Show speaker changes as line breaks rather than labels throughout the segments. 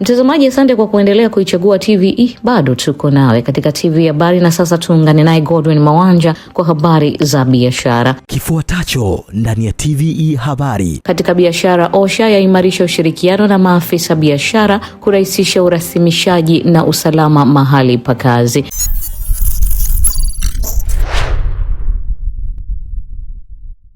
Mtazamaji, asante kwa kuendelea kuichagua TVE. Bado tuko nawe katika TV e Habari, na sasa tuungane naye Godwin Mawanja kwa habari za biashara.
Kifuatacho ndani ya TVE Habari.
Katika biashara, OSHA yaimarisha ushirikiano na maafisa biashara kurahisisha urasimishaji na usalama mahali pa kazi.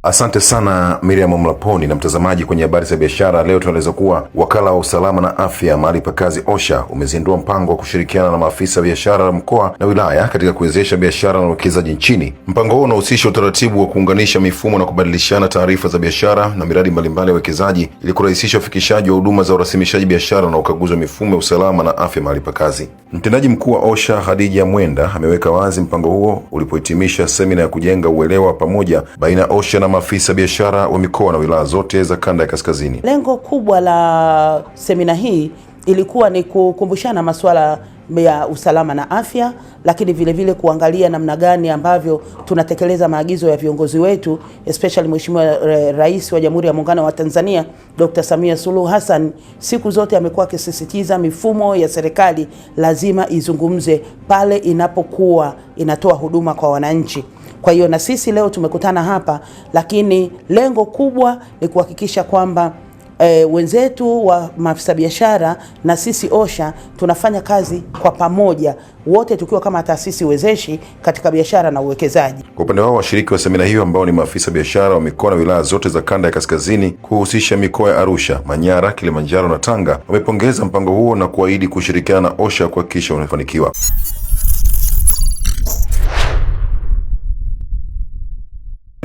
Asante sana Miriam Mlaponi na mtazamaji, kwenye habari za biashara leo tunaeleza kuwa wakala wa usalama na afya mahali pa kazi OSHA umezindua mpango wa kushirikiana na maafisa biashara mkoa na wilaya katika kuwezesha biashara na uwekezaji nchini. Mpango huo unahusisha utaratibu wa kuunganisha mifumo na kubadilishana taarifa za biashara na miradi mbalimbali ya uwekezaji ili kurahisisha ufikishaji wa huduma za urasimishaji biashara na ukaguzi wa mifumo ya usalama na afya mahali pa kazi. Mtendaji mkuu wa OSHA Hadija Mwenda ameweka wazi mpango huo ulipohitimisha semina ya kujenga uelewa pamoja baina ya OSHA na maafisa biashara wa mikoa na wilaya zote za kanda ya kaskazini.
Lengo kubwa la semina hii ilikuwa ni kukumbushana masuala ya usalama na afya, lakini vile vile kuangalia namna gani ambavyo tunatekeleza maagizo ya viongozi wetu especially Mheshimiwa Rais wa Jamhuri ya Muungano wa Tanzania Dr. Samia Suluhu Hassan, siku zote amekuwa akisisitiza mifumo ya serikali lazima izungumze pale inapokuwa inatoa huduma kwa wananchi. Kwa hiyo na sisi leo tumekutana hapa, lakini lengo kubwa ni kuhakikisha kwamba E, wenzetu wa maafisa biashara na sisi OSHA tunafanya kazi kwa pamoja wote tukiwa kama taasisi wezeshi katika biashara na uwekezaji.
Kwa upande wao, washiriki wa semina hiyo ambao ni maafisa biashara wa mikoa na wilaya zote za kanda ya kaskazini kuhusisha mikoa ya Arusha, Manyara, Kilimanjaro na Tanga wamepongeza mpango huo na kuahidi kushirikiana na OSHA kuhakikisha unafanikiwa.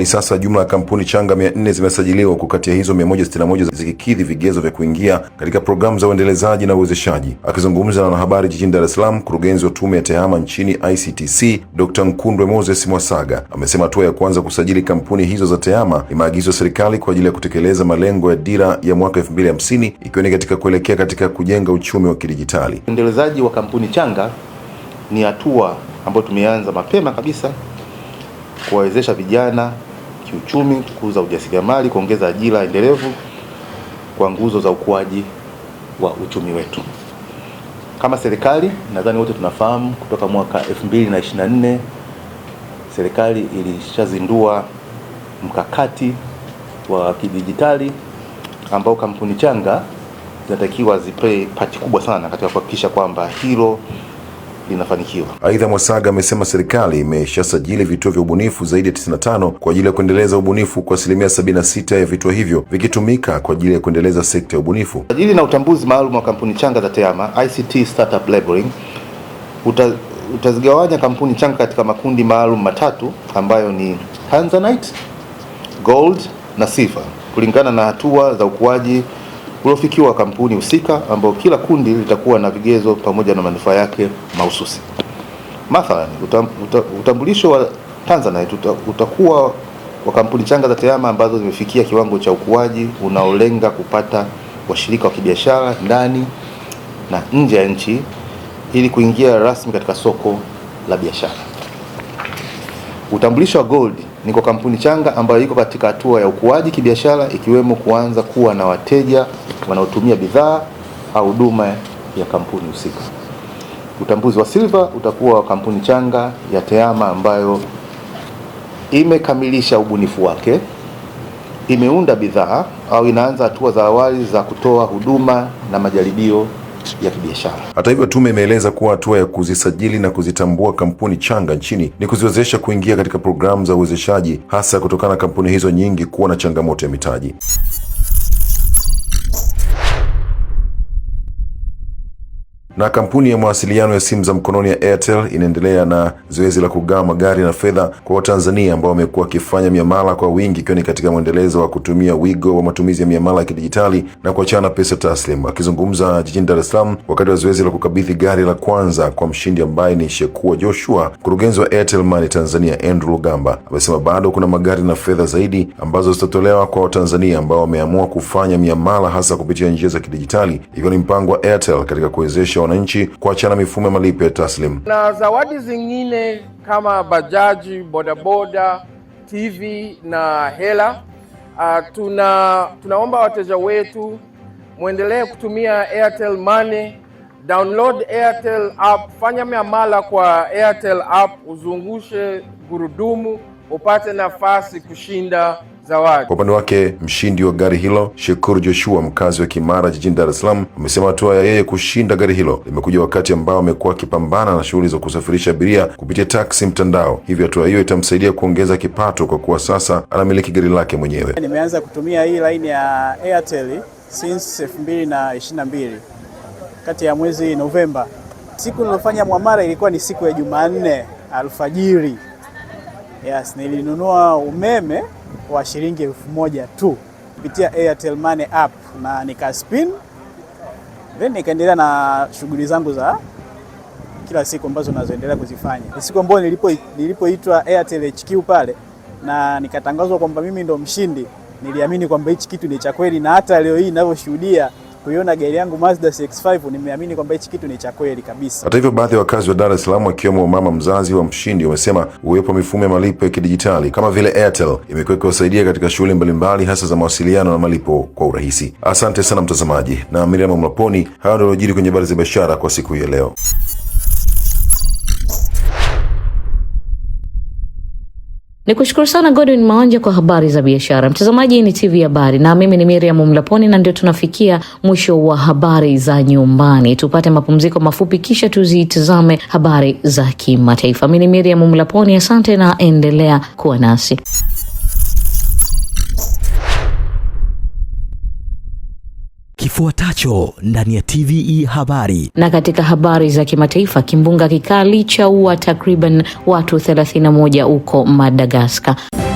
Hadi sasa jumla ya kampuni changa 400 zimesajiliwa huku kati ya hizo 161 zikikidhi vigezo vya kuingia katika programu za uendelezaji na uwezeshaji. Akizungumza na wanahabari jijini Dar es Salaam, mkurugenzi wa Tume ya Tehama nchini ICTC Dr. Nkundwe Moses Mwasaga amesema hatua ya kwanza kusajili kampuni hizo za tehama ni maagizo ya serikali kwa ajili ya kutekeleza malengo ya Dira ya mwaka 2050 ikiwa ni katika kuelekea katika kujenga uchumi wa kidijitali.
Uendelezaji wa kampuni changa ni hatua ambayo tumeanza mapema kabisa kuwawezesha vijana kiuchumi, kukuza ujasiriamali, kuongeza ajira endelevu kwa nguzo za ukuaji wa uchumi wetu. Kama serikali, nadhani wote tunafahamu, kutoka mwaka 2024 serikali ilishazindua mkakati wa kidijitali ambao kampuni changa zinatakiwa zipe pati kubwa sana katika kuhakikisha kwamba hilo linafanikiwa.
Aidha, Mwasaga amesema serikali imeshasajili vituo vya ubunifu zaidi ya 95 kwa ajili ya kuendeleza ubunifu, kwa asilimia 76 ya vituo hivyo vikitumika kwa ajili ya kuendeleza sekta ya ubunifu.
sajili na utambuzi maalum wa kampuni changa za TEHAMA, ICT Startup Labeling, uta utazigawanya kampuni changa katika makundi maalum matatu ambayo ni Tanzanite, Gold na Sifa kulingana na hatua za ukuaji uliofikiwa wa kampuni husika, ambao kila kundi litakuwa na vigezo pamoja na manufaa yake mahususi. Mathalani, utam, uta, utambulisho wa Tanzanite uta, utakuwa wa kampuni changa za tehama ambazo zimefikia kiwango cha ukuaji unaolenga kupata washirika wa kibiashara ndani na nje ya nchi ili kuingia rasmi katika soko la biashara. Utambulisho wa gold ni kwa kampuni changa ambayo iko katika hatua ya ukuaji kibiashara, ikiwemo kuanza kuwa na wateja wanaotumia bidhaa au huduma ya kampuni husika. Utambuzi wa silver utakuwa wa kampuni changa ya TEHAMA ambayo imekamilisha ubunifu wake, imeunda bidhaa au inaanza hatua za awali za kutoa huduma na majaribio ya kibiashara.
Hata hivyo, tume imeeleza kuwa hatua ya kuzisajili na kuzitambua kampuni changa nchini ni kuziwezesha kuingia katika programu za uwezeshaji, hasa kutokana na kampuni hizo nyingi kuwa na changamoto ya mitaji. Na kampuni ya mawasiliano ya simu za mkononi ya Airtel inaendelea na zoezi la kugawa magari na fedha kwa Watanzania ambao wamekuwa wakifanya miamala kwa wingi, ikiwa ni katika mwendelezo wa kutumia wigo wa matumizi ya miamala ya kidijitali na kuachana pesa taslim. Akizungumza jijini Dar es Salaam wakati wa zoezi la kukabidhi gari la kwanza kwa mshindi ambaye ni Shekua Joshua, mkurugenzi wa Airtel Money Tanzania Andrew Lugamba amesema bado kuna magari na fedha zaidi ambazo zitatolewa kwa Watanzania ambao wameamua kufanya miamala hasa kupitia njia za kidijitali, ikiwa ni mpango wa Airtel katika kuwezesha wananchi kuachana mifumo ya malipo ya taslim
na zawadi zingine kama bajaji, bodaboda, TV na hela. Uh, tuna tunaomba wateja wetu mwendelee kutumia Airtel Money. Download Airtel app, fanya miamala kwa Airtel app, uzungushe gurudumu upate nafasi kushinda zawadi.
Kwa upande wake mshindi wa gari hilo shekur Joshua, mkazi wa Kimara jijini Dar es Salaam, amesema hatua ya yeye kushinda gari hilo limekuja wakati ambao amekuwa akipambana na shughuli za kusafirisha abiria kupitia taksi mtandao, hivyo hatua hiyo itamsaidia kuongeza kipato kwa kuwa sasa anamiliki gari lake mwenyewe.
Nimeanza kutumia hii laini ya Airtel since 2022 kati ya mwezi Novemba. Siku nilofanya mwamara ilikuwa ni siku ya Jumanne alfajiri. Yes, nilinunua umeme wa shilingi elfu moja tu kupitia Airtel Money app, na spin then nikaendelea na shughuli zangu za kila siku ambazo nazoendelea kuzifanya. Siku ambayo nilipo nilipoitwa Airtel HQ pale na nikatangazwa kwamba mimi ndo mshindi, niliamini kwamba hichi kitu ni cha kweli, na hata leo hii ninavyoshuhudia kuiona gari yangu Mazda CX-5 nimeamini kwamba hichi kitu ni cha kweli kabisa.
Hata hivyo, baadhi ya wakazi wa Dar es Salaam wakiwemo mama mzazi wa mshindi wamesema uwepo wa mifumo ya malipo ya kidijitali kama vile Airtel imekuwa ikiwasaidia katika shughuli mbalimbali hasa za mawasiliano na malipo kwa urahisi. Asante sana mtazamaji, na Miriam Mlaponi, hayo ndio yaliyojiri kwenye habari za biashara kwa siku hii ya leo.
Ni kushukuru sana Godwin Mawanja kwa habari za biashara. Mtazamaji, ni TV Habari na mimi ni Miriam Mlaponi, na ndio tunafikia mwisho wa habari za nyumbani. Tupate mapumziko mafupi, kisha tuzitazame habari za kimataifa. Mimi ni Miriam Mlaponi, asante na endelea kuwa nasi.
kifuatacho ndani ya TVE habari.
Na katika habari za kimataifa, kimbunga kikali cha ua takriban watu 31 huko Madagaskar.